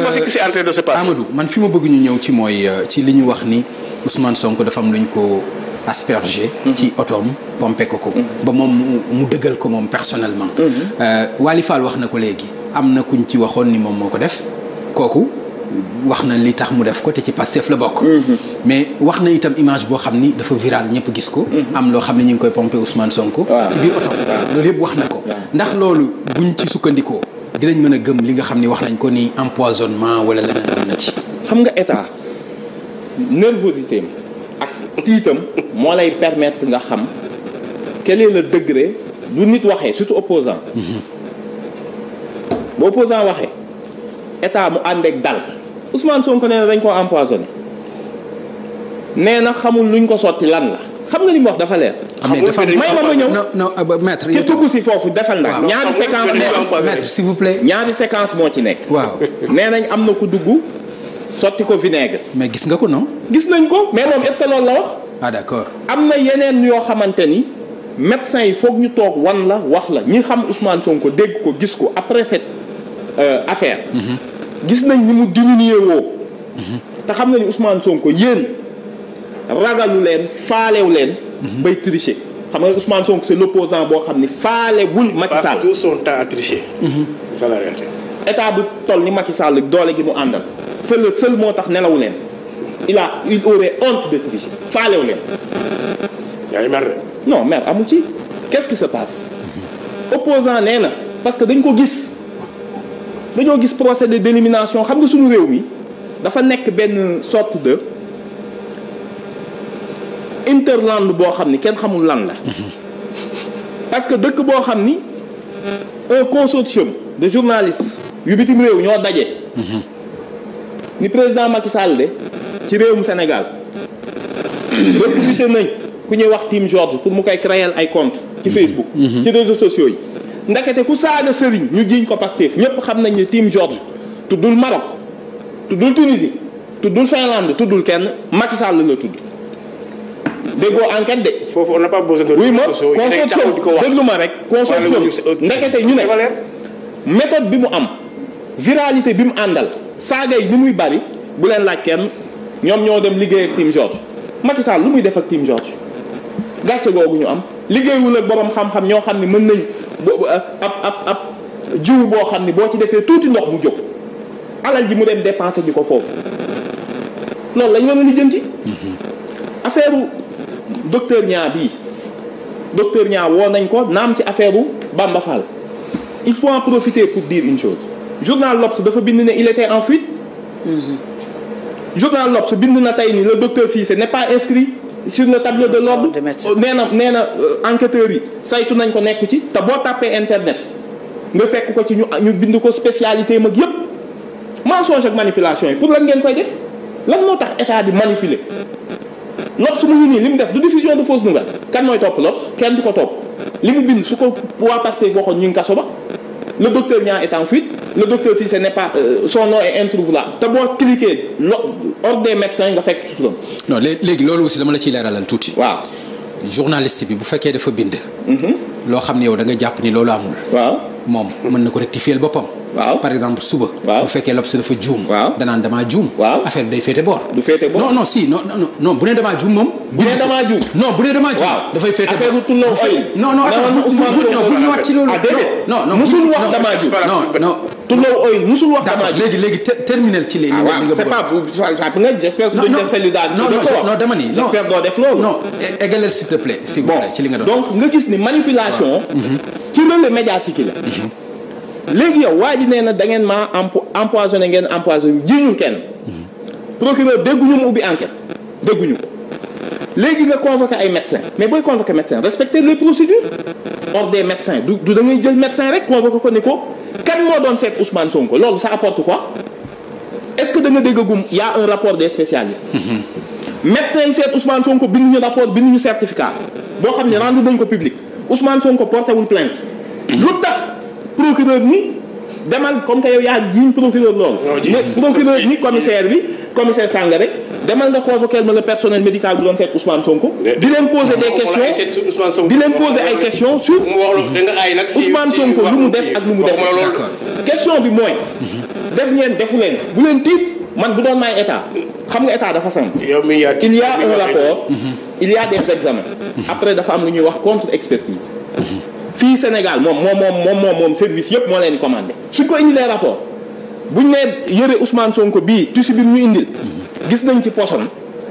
exactement euh, ce qui s'est en man fi ma bëgg ñu ñëw ci mooy euh, ci li ñu wax ni Ousmane Sonko dafa am lu ñu ko aspergé. Mhm. ci otoom pompe ko ko. Mhm. ba moom mu dëggal ko moom personnellement. Mhm. Euh, Wali Fall wax na ko léegi am na kuñ ci waxoon ni moom moo ko def kooku. wax na li tax mu def ko te ci Pastef la bokk. mais wax na itam image boo xam ni dafa viral ñëpp gis ko. am loo xam ne ñu ngi koy pompé Ousmane Sonko. ci biir oto loolu yëpp wax na ko. ndax loolu buñ ci sukkandikoo. dinañ mën a gëm li nga xam ni wax nañ ko ni empoisonnement wala leneen am na ci. xam nga état nervosité ak tiitam moo lay permettre nga xam quel la le lu nit waxee surtout opposant mhm. bu opposant waxee état mu ànd ak dal Ousmane Sonko nee na dañ koo empoisonné nee na xamul luñ ko sotti lan la. xam na li mu wax dafa leer. Ah, may ma ma ñëw non no euh, maître ci dugg si foofu defal na ñaari séquence maître s'il vous plaît. ñaari séquence moo ci nekk. waaw nee nañ am na ko dugg sotti ko vinaigre. mais gis nga ko non. gis nañ ko mais moom est que loolu la wax. ah d'accord am na yeneen yoo xamante ni. médecins yi foog ñu toog wan la wax la ñi xam Ousmane Sonko dégg ko gis ko après set euh, affaire. Mhm. gis nañ ni mu diminuer mhm. te xam nañ Ousmane Sonko yéen. ragalu leen faalewu leen. Mhm. bay tricher. xam nga Ousmane Sonko c'est l'opposant boo xam ni faalewul Macky Sall. tout son temps à tricher. Mhm. c'est la réalité. état bu toll ni Macky Sall doole gi mu àndal. c'est le moo tax nelawu leen. il a il aurait honte de tricher faalewu leen. yaa ngi mer de. non mer amu ci. qu'est-ce qui se passe. Mhm. opposant nee na parce que dañ ko gis dañoo gis de d'élimination xam nga suñu réew mi dafa nekk benn sorte de. interland boo xam ni kenn xamul lan la. parce que dëkk boo xam ni un consortium de journalistes yu bitim réew ñoo daje. ni président Macky Sall de ci réewum Sénégal recruté nañ ku ñuy wax Tim George pour mu koy créer ay conte ci mhm. Facebook. Mhm. ci réseaux sociaux yi. ndakete ku saaga sëriñ ñu jiiñ ko Pastef ñëpp xam nañ ne Tim George tuddul Maroc tuddul Tunisie tuddul Finlande tuddul kenn Macky Sall la tudd. déggoo enquête de. foofu on n'a pas besoin de. oui ma consortium déglu ñu ne. méthode bi mu am. viralité bi mu àndal. saaga yi ni muy bari bu leen laaj kenn ñoom ñoo dem liggéey ak Team George. Macky Sall lu muy def ak Team George gàcce googu ñu am liggéeyul ak borom xam-xam ñoo xam ne mën nañ eh, ab ab ab jiw boo xam ne boo ci defee tuuti ndox mu jóg alal ji mu dem dépensé ji ko foofu loolu lañ war a lijjanti mhm. affaire docteur Niang bii docteur Niang woo nañ ko naam ci affaire bu Bamba il faut en profiter pour dire une chose journal L'Obs dafa bind ne il était en fuite. journal L'Obs bind na tey ni le docteur Cissé n'est pas inscrit sur le tableau de l'ordre oh, nee na nee na euh, enquêteurs yi saytu nañ ko nekk ci te boo tàppee internet nga fekk ko ci ñu ñu bind ko spécialité mag yépp mensonge ak manipulation yi pour lan ngeen koy def lan moo tax état di manipuler nopp su mu nii li mu def du diffusion de fausse nouvelle kan mooy topp nopp kenn du ko topp li mu bind su ko waa Pastef waxoon ñu ngi kaso ba le docteur Niang est en fuite le docteur Cissé euh, son nom te boo cliquer lo ordre des médecins nga fekk ci turam. non léegi loolu aussi dama la ciy leeralal tuuti. waaw journaliste bi bu fekkee dafa bind. Mhm. loo xam ne yow da nga jàpp ni loolu amul. waaw moom mën na ko rectifier boppam. waaw par exemple suba. waaw bu fekkee L'Obs dafa juum. waaw danaan damaa juum. waaw affaire bi day féete boor. du féete si non non bu nee damaa juum moom. bu nee damaa juum non bu nee damaa juum. waaw dafay féete boor affaire bi tudd non non attends bu bu bu ñëwaat ci loolu. ah déedéet non non musul wax ah, li nga bëgg a nga j'espère dama ni non j'espère doo def loolu. non égalel s'il te si vous ci li nga doon nga gis ni manipulation. Mm-hmm. ci loolu médiatique la. Mm-hmm. léegi yow waa ji nee na da ngeen maa empo empoisonné ngeen empoisonné jiñul kenn. procureur dégguñu mu ubbi enquête dégguñu ko léegi nga convoqué ay médecins mais booy convoqué médecin respecter les procédures ordre des médecins du du da ngay jël médecin rek convoqué ko ne ko kan moo doon seet Ousmane Sonko loolu ça apporte quoi est-ce que da nga déggagum y a un rapport des spécialistes. Mhm. médecin yi seet Ousmane Sonko binduñu rapport binduñu certificat boo xam ne rendu dañ ko public Ousmane Sonko porté wul plainte mhm. lu tax procureur ni demal comme que yow yaa procureur loolu. procureur ni commissaire bi commissaire sàng rek. demal nga convoquer ma le personnel médical bu doon seet Ousmane Sonko. di leen poser des questions di leen poser ay questions sur. Ousmane Sonko lu mu def ak lu mu def. question bi mooy. def ngeen defu leen bu leen tiit man bu doon maay état xam nga état dafa simple. il y a un rapport. il y des examens. après dafa am lu ñuy wax contre expertise. fii Sénégal moom moom moom moom moom service yëpp moo leen commandé suñ ko indilee rapport buñ nee yëre Ousmane Sonko bii tissu bi ñu indil gis nañ ci poson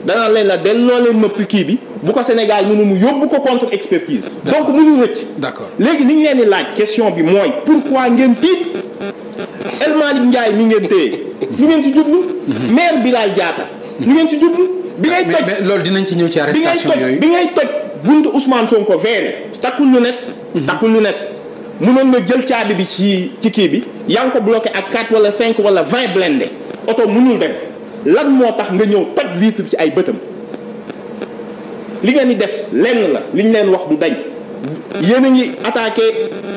danaa leen la delloo leen nëpp kii bi bu ko Sénégal mënu mu yóbbu ko contre expertise donc mënu rëcc d'accord léegi li ñu leen di laaj question bi mooy pourquoi ngeen tiit El Malick Ndiaye mi ngeen téye lu ngeen ci jublu mhm. maire Bilal Diatta lu ngeen ci jublu bi ngay toj loolu dinañ ci ñëw ci arrestation yooyu bi ngay toj buntu Ousmane Sonko verre takkul Mm-hmm. taxul lu nekk mënoon ma jël caabi bi ci ci kii bi yaa ngi ko bloqué ak 4 wala cinq wala vingt blindé oto mënul dem lan moo tax nga ñëw toj vitre ci ay bëtam li ngeen di def lenn la li ñu leen wax du dañ yéen a ngi attaqué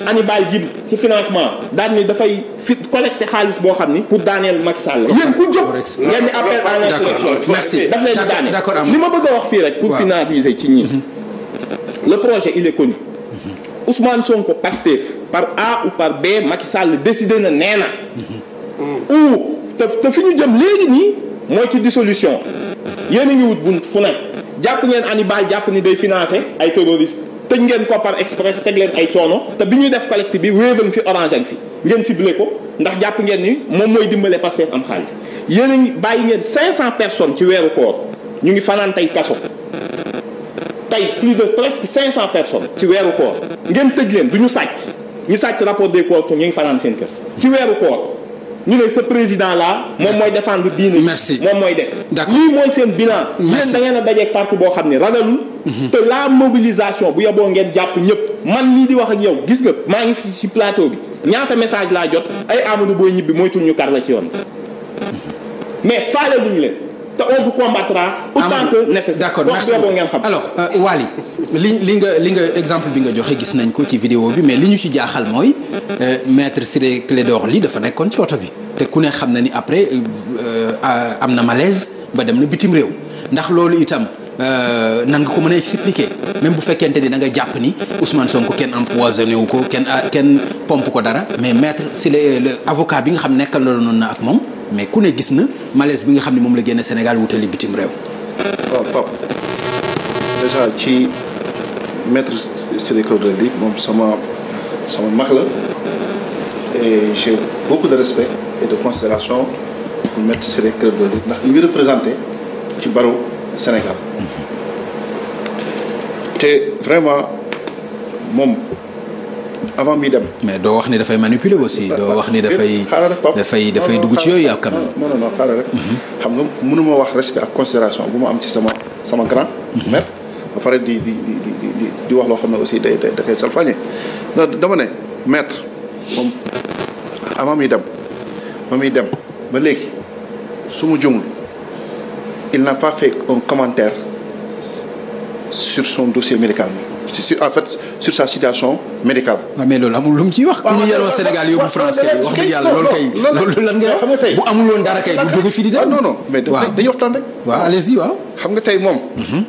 Hannibal Djim ci financement daan ni dafay fi collecté xaalis boo xam ni pour daaneel Macky Sall la. yéen ku jóg ngeen di appel à l'insurrection merci daf leen di daaneel li ma bëgg a wax fii rek. pour finaliser ci ñii. Mm-hmm. le projet il est connu. Mm-hmm. Ousmane Sonko Pastef par A ou par B Macky Sall décidé na nee na. ou te fi ñu jëm léegi nii mooy ci dissolution yéen a ngi wut bunt fu ne jàpp ngeen Hannibal jàpp ni day financé ay terroristes tëj ngeen ko par express teg leen ay coono te bi ñu def collecte bi wéevan fi orange ak fi ngeen ciblé ko ndax jàpp ngeen ni moom mooy dimbale Pastef am xaalis yéen a ngi bàyyi ngeen cent personnes ci weeru koor ñu ngi fanaan tey kaso. tey plus de presque cent personnes ci weeru koor ngeen tëj leen du ñu sàcc ñu sàcc rapport des corps ñu ngi fanaan seen kër ci weeru koor ñu ne sa président là moom mooy défendre diine merci moom mooy def d'accord lii mooy seen bilan yéen da ngeen a dajeeg parti boo xam ne ragalul mhm. te la mobilisation bu yeboo ngeen jàpp ñëpp man lii di wax ak yow gis nga maa ngi fi ci plateau bi ñaata message laa jot ay Amadou booy ñibbi moytul ñu kar la ci yoon mhm. mais faale luñu te on vous combattra autant que nécessaire. d'accord merci alors euh, Waly li li nga li nga exemple bi nga joxe gis nañ ko ci vidéo bi mais li ñu ci jaaxal mooy euh, maître Ciré Clédor Ly dafa nekkoon ci oto bi. te ku ne xam na ni après euh, am na malaise ba dem na bitim réew ndax loolu itam nan nga ko mën a expliquer même bu fekkente ni da nga jàpp ni Ousmane ko kenn empoisonné wu ko kenn kenn pompe ko dara mais maître Ciré le avocat bi nga xam nekkal na noonu na ak moom. mais ku ne gis na malaise bi nga xam ne moom la génne Sénégal wutali bitim réew. waaw oh, Pape déjà ci maître Ciré Clédor Ly moom sama sama mag la et j'ai beaucoup de respect et de considération pour maître Ciré Clédor Ly ndax li muy représenté ci barreau Sénégal mm-hmm. te vraiment moom. avant muy dem. mais doo wax ni dafay manipuler aussi doo wax ni dafay. dafay dafay dugg ci yooyu quand même. non non xaaral rek. Mhm. xam wax respect ak considération bu ma am ci sama sama grand. Mhm. maître ba pare di di di di di wax loo xam ne aussi day day da koy salfaañe non dama ne maître moom avant muy dem ma muy dem ba léegi su ma jumul il n'a pas fait un commentaire sur son dossier médical. en fait sur sa situation médicale. waaw mais loolu amul lu mu ciy wax. waaw ku ñu yaroo Sénégal yóbbu France kay wax dëgg yàlla loolu kay. loolu lan nga wax bu amul woon dara kay bu jóge fii di dem. waaw ah, non non rek. waaw allez waaw. xam nga tey moom. Mhm.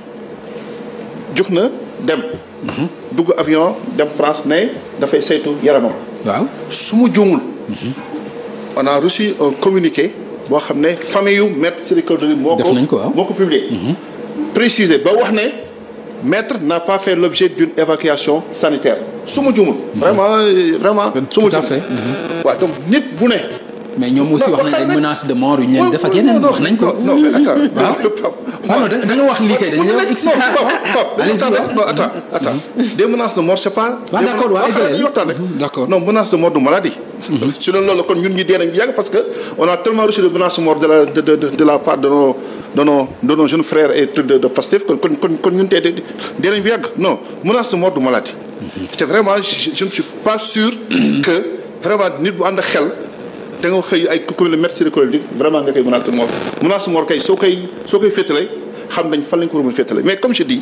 jóg na dem. Mhm. dugg avion dem France ne dafay saytu yaramam. waaw su mu juumul. Mhm. on a reçu un communiqué boo xam ne famille yu maître Ciré Clédor Ly moo nañ ko waaw moo ko publié. ba wax ne. maître n'a pas fait l'objet d'une évacuation sanitaire su ma jumul vraiment vraiment su ma jumul tout à mm-hmm. donc nit bu ne mais ñoom si wax nañ ay menance de mort yu ñu leen def ak yeneen wax nañ ko. non mais attends wax lii kay dañu ñëw expliqué. non attends attends mm-hmm. des menaces de mort c'est pas. waaw ah, d'accord waaw mm-hmm, d'accord non menace de mort du maladie. si mm-hmm. leen loolu kon ñun ñi dee nañu yàgg parce que on a tellement reçu de menaces mortes de la part de nos de nos et de de kon kon kon ñun tey dee nañu yàgg non menace du maladie. Mm-hmm. te vraiment je ne suis pas mm-hmm. que vraiment nit bu ànd ak xel. danga nga xëy ay commune médecine écologique vraiment nga koy menace mort menace mort kay soo koy soo koy féetale xam nañ fan lañ ko war a mën mais comme je dis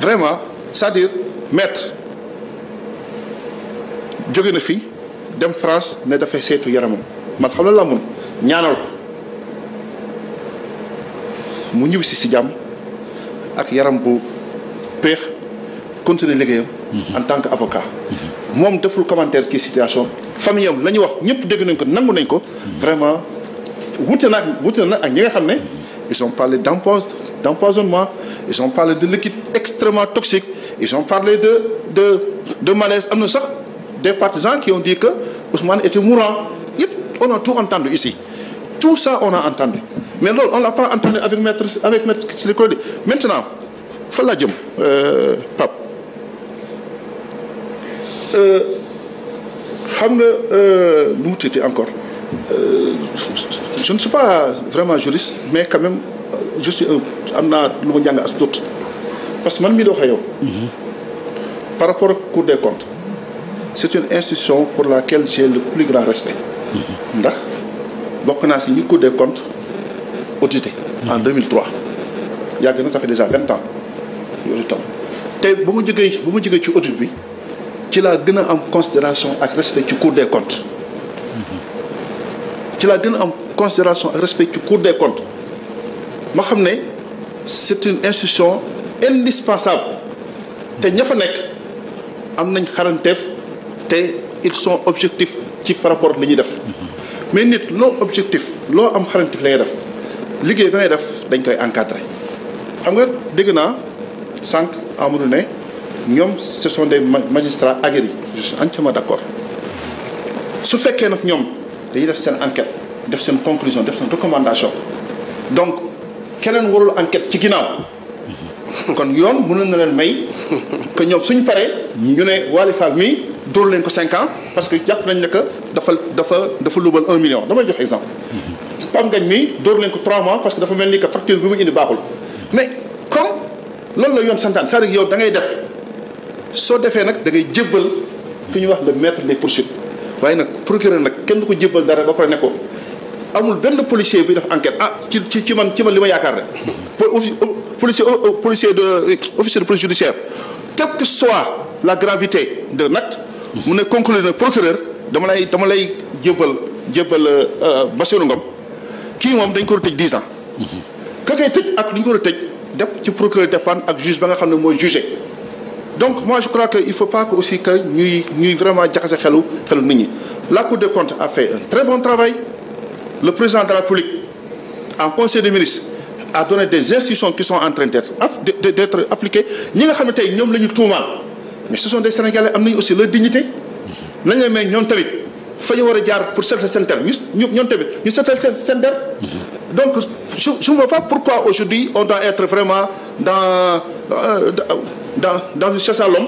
vraiment c'est-à-dire maître jóge na fi dem France ne dafay seetu yaramam man xam laa mun ñaanal mu ñibbi si si jàmm ak yaram bu péex continuer liggéeyam. Mhm. en tant que avocat. Mhm. moom deful commentaire ci situation famille am la ñu wax ñëpp dégg nañ ko nangu nañ ko. Mhm. vraiment wute na ak wute na ak ñi nga xam ne. ils ont parlé d'empoisonnement ils ont parlé de liquide extrêmement toxique ils ont parlé de de malaise am na sax. des partisans qui on dit que Ousmane était mourant yëpp on a tout entendu ici tout ça on a entendu mais loolu on l'a pas entendu avec maître avec maître Ciré Clédor maintenant fa laa jëm euh, Pape euh, xam nga euh, nu mu tuuti encore je ne suis pas vraiment juriste mais quand même je suis am na lu ma jàng parce que man mii doo xayoo mhm. par rapport ak des comptes c'est une institution pour laquelle j'ai le plus grand respect ndax bokk naa si ñi Cour de comptes audité en 2003 yàgg na ça fait déjà vingt ans yooyu tam tey ba ma jógee ba ma jógee ci audit bi ci laa gën a am considération ak respect ci Cour des comptes ci laa gën a am considération ak respect ci Cour des comptes ma xam ne c'est une institution indispensable te ña fa nekk am nañ xaranteef te ils sont objectifs ci par rapport li ñuy def mais nit loo objectif loo am xarañtif la def liggéey ba def dañ koy encadré xam nga dégg naa sànq Amadou ne ñoom ce sont des magistrats aguerris je suis entièrement d'accord su fekkee nag ñoom dañuy def seen enquête def seen conclusion def seen recommandation donc keneen warul enquête ci ginnaaw mhm. kon yoon mënul na leen may que ñoom suñ paree ñu ne Wally mii dóor leen ko cinq ans parce que jàpp nañ ne que dafa dafa dafa luubal un million damay jox exemple. PAM ngañ mi dóor leen ko trois mois parce que dafa mel ni que facture bi mu indi baaxul mais comme loolu la yoon santaan cest à yow da ngay def soo defee nag da ngay jébbal ki ñuy wax le maître des poursuites waaye nag procureur nag kenn du ko jébbal dara ba pare ne ko amul benn policier bi def enquête ah ci ci ci man ci man li ma yaakaar rek. policier policier de officier de police judiciaire quelle que soit la gravité de l'acte mu ne conclure nag procureur dama lay dama lay jébbal jébbal euh, euh, Bassirou Ngom kii moom dañ ko war a tëj dix ans. ka koy tëj ak li ñu ko a tëj def ci procureur dépendre ak juge ba nga xam ne mooy jugé donc moi je crois que il faut pas aussi que ñuy ñuy vraiment jaxase xelu xelu nit ñi. la Cour des comptes a fait un très bon travail le président de la République en conseil des ministres a donné des instructions qui sont en train d'être d'être appliquées ñi nga xam ne tey ñoom la ñu tuumaal. mais ce sont des sénégalais am nañu aussi leur dignité nañ la may ñoom tamit fa ñu war a jaar pour seetal seen der ñu ñoom tamit ñu set seen seen der donc je je ne vois pas pourquoi aujourd'hui on doit être vraiment dans euh, dans dans une chasse à l'homme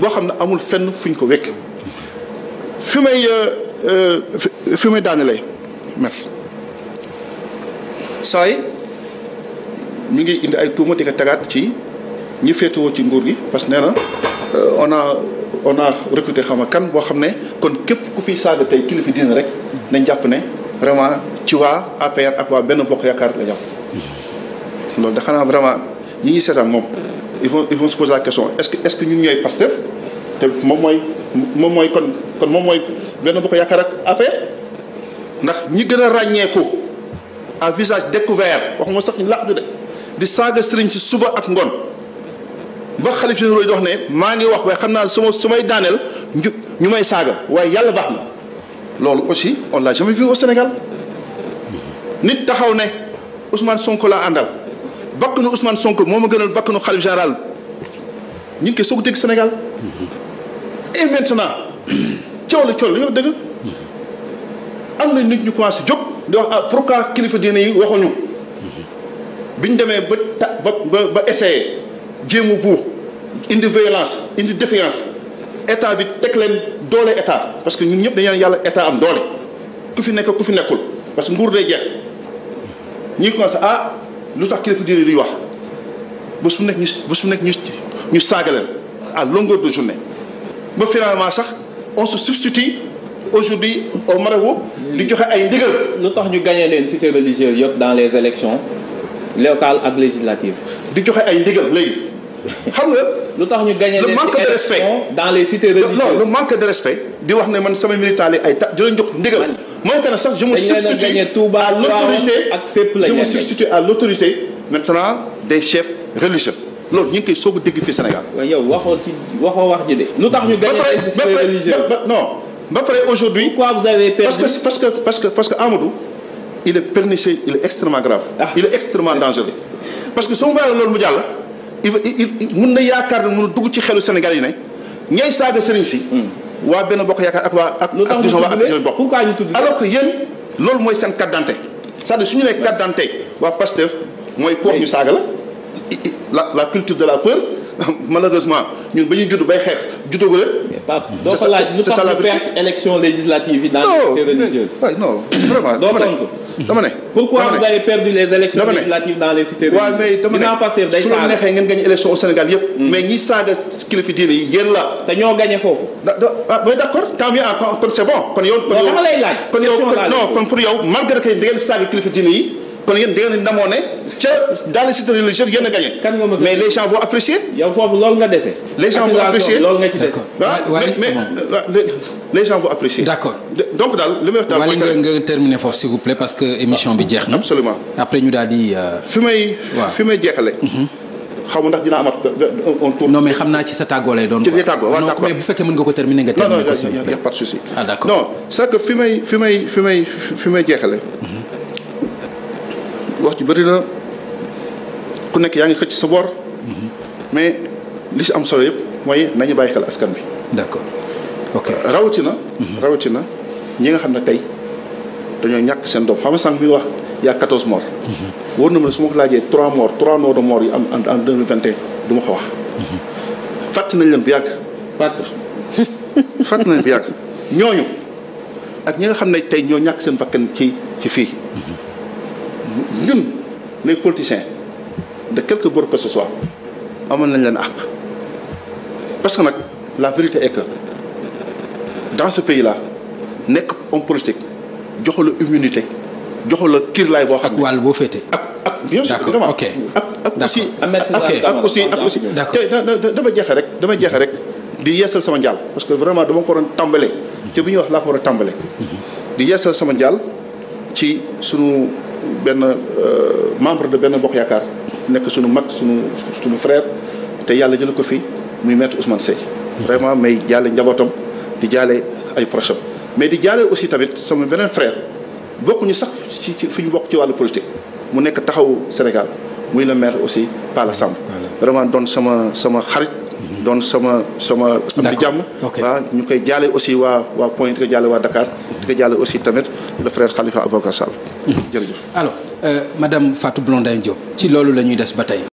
boo xam ne amul fenn fu ñu ko wekk fi may euh, euh, fi may daanelee merci. saa yi mi ngi indi ay tuuma di ko tagaat ci ñi féetewoo ci nguur gi parce que nee na. Euh, on a on a recruté xam nga kan boo xam ne kon képp ku fiy saaga tey kilifa diine rek nañ jàpp ne vraiment ci waa APR ak waa benn bokk yaakaar la jàpp loolu da xanaa vraiment ñi ngi seetaan moom il faut ils faut se poser la question est-ce que est-ce que ñun ñooy Pastef te moom mooy moom mooy kon kon moom mooy benn bokk yaakaar ak APR ndax ñi gën a ràññeeku à visage découvert waxuma sax ñu làqu de di saaga sëriñ si suba ak ngoon ba xalif généraux yi dox ne maa ngi wax waaye xam naa su ma su may daaneel ñu ñu may saaga waaye yàlla baax na loolu aussi on l'a jamais vu au Sénégal nit taxaw ne Ousmane Sonko laa àndal bakkanu Ousmane Sonko moo ma gënal bakkanu xalif général ñu ngi koy soog a dégg Sénégal et maintenant coow la yow dëgg am na nit ñu commencé jóg di wax ah pourquoi kilifa diine yi waxuñu biñ demee ba ta ba ba essayé. jéem a buux indi violence indi défiance état bi teg leen doole état parce que ñun ñëpp dañu yàlla état am doole ku fi nekk ku fi nekkul parce que nguur day jeex ñi commencé ah lu tax kilifa diine di wax ba su nekk ñu ba ñu saaga leen à longueur de journée ba finalement sax on se substitue aujourd'hui au marabout di joxe ay ndigal. lu tax ñu gagné leen cité religieuse yëpp dans les élections locales ak législatives. di joxe ay ndigal léegi. xam nga. lu tax ñu gagné le manque de respect dans les cités religieuses non le manque de respect. di wax ne man samay militant yi ay ta di jox ndigal. mooy que ne sax je me substitue à l'autorité je me substitue à l'autorité maintenant des chefs religieux. loolu ñu ngi koy soog a Sénégal. waxoo ci waxoo wax ji de. lu tax ñu gagné les cités religieuses non ba pare aujourd'hui parce que parce que parce que parce que Amadou. il est pernicieux il est extrêmement grave. Ah. il est extrêmement dangereux. parce que su ma bàyyi loolu il mun na yaakaar ne mun dugg ci xelu Sénégal yi ne ñay saaga sëriñ si. Hmm. waa benn bokk yaakaar ak waa ak. ak disons waa ak ñooy bokk pourquoi ñu tudd loolu mooy seen carte d'identité cest ñu nee carte d'identité waa Pastef mooy kooku ñu saaga la. la la culture de la peur malheureusement ñun ba ñu judd bay xeex juddoo ko Pape doo ko laaj ñu perte élection législative yi dans les religieuses non non dama ne. pourquoi vous avez perdu les élections législatives dans les cités. waaw neexee ngeen gagné élection au Sénégal yëpp. Hmm. mais ñi saaga kilifa diine yi yéen la. te ñoo gagné foofu. da ah mais d' accord tant mieux ah bon. kon yow kon kon pour yow malgré que ngeen saaga kilifa diine yi kon yéen da ngeen ca dans les sites religieux yéen a gagné. mais les gens vont apprécier. yow foofu loolu nga dese. les gens vont apprécier d'accord donc daal li nga nga foofu s'il vous plaît parce que émission bi jeex na. absolument après ñu daal di. Euh, fi may jeexale mhm. xaw ndax dina amat euh, un mais xam naa ci sa tàggoo lay doon. ci sa tàggoo waaw mais bu fekkee mën nga ko terminer nga. terminer ko s'il vous ah, d'accord non c'est que fi may fi may fi may fi may jeexale. Mhm. wax ci bëri ku nekk yaa ngi xëcc sa bor. mais li si am solo yëpp mooy nañu bàyyi xel askan bi. d'accord ok rawatina. Mhm. rawatina ñi nga xam ne tey dañoo ñàkk seen doom xam nga sànq mi wax y a 14 morts. Mhm. na ma ne su ma ko laajee 3 morts 3 morts de morts yi am en en 2021 du ma ko wax. Mhm. fàtt nañ leen bu yàgg. fàtt fàtt nañ bu yàgg ñooñu ak ñi nga xam ne tey ñoo ñàkk seen bakkan ci ci fii ñun les politiciens. de quelque bord que ce soit amoon nañ leen àq parce que nag la vérité est que dans ce pays là nekk homme politique joxu la immunité joxu la kiirlaay boo xam ne. ak wàll boo féete. ak ak bien sûr vraiment ak ak aussi. ak aussi ak aussi te dama jeexe rek dama jeexe rek di yeesal sama njaal parce que vraiment dama ko waroon tàmbale te bu ñuy wax laa ko war a tàmbale mhm. di yeesal sama njaal ci sunu benn euh, membre de benn bokk yaakaar. nekk suñu mag suñu suñu frère te yàlla jël ko fi muy maître Ousmane Seye vraiment may jaale njabootam di jaale ay proches mais di jaale aussi tamit sama beneen frère bokkuñu sax ci fi ñu bokk ci wàllu politique mu nekk taxawu Sénégal muy le maire aussi Pala Samb vraiment doon sama sama xarit doon sama sama. am di jàmm waaw ñu koy jaale aussi waa waa Point di ko jaale waa Dakar. di ko jaale aussi tamit le frère Khalifa Ababacar Sall. Mhm. jërëjëf alors euh, madame Fatou Blondin Diop ci loolu la ñuy des ba tey.